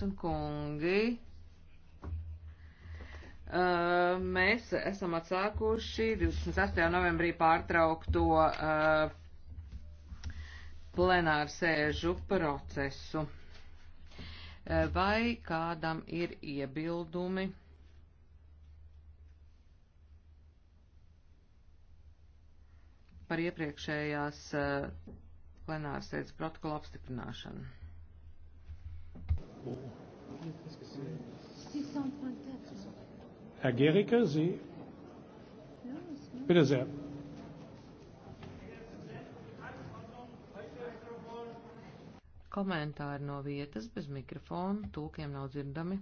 dāmas un kungi, uh, mēs esam atsākuši 28. novembrī pārtraukto uh, plenārsēžu procesu. Uh, vai kādam ir iebildumi? par iepriekšējās plenārsēdes protokola apstiprināšanu. Herr Gericke, Sie? Bitte sehr. Komentāri no vietas bez mikrofona, tūkiem nav dzirdami.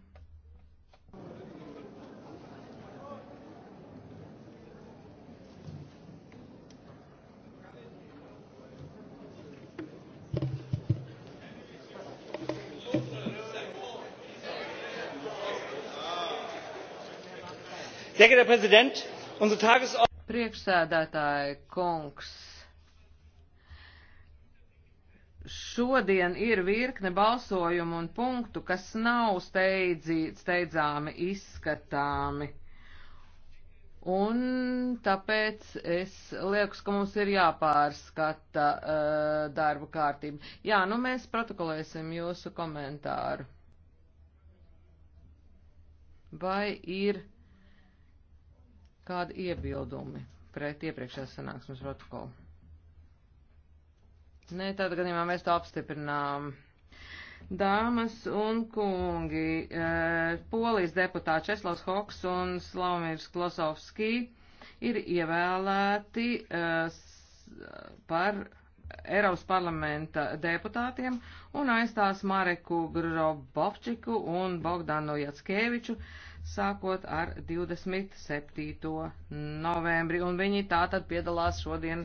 Sehr geehrter Herr Präsident, unsere Tagesordnung. Priekšsēdētāji kungs, šodien ir virkne balsojumu un punktu, kas nav steidzī, steidzāmi izskatāmi. Un tāpēc es liekas, ka mums ir jāpārskata uh, darba kārtība. Jā, nu mēs protokolēsim jūsu komentāru. Vai ir kādi iebildumi pret iepriekšējās sanāksmes protokolu? Nē, tādā gadījumā mēs to apstiprinām. Dāmas un kungi, e, polijas deputāti Česlavs Hoks un Slavomirs Klosovski ir ievēlēti e, par Eiropas parlamenta deputātiem un aizstās Mareku Grobovčiku un Bogdanu Jackeviču sākot ar 27. novembri. Un viņi tātad piedalās šodien.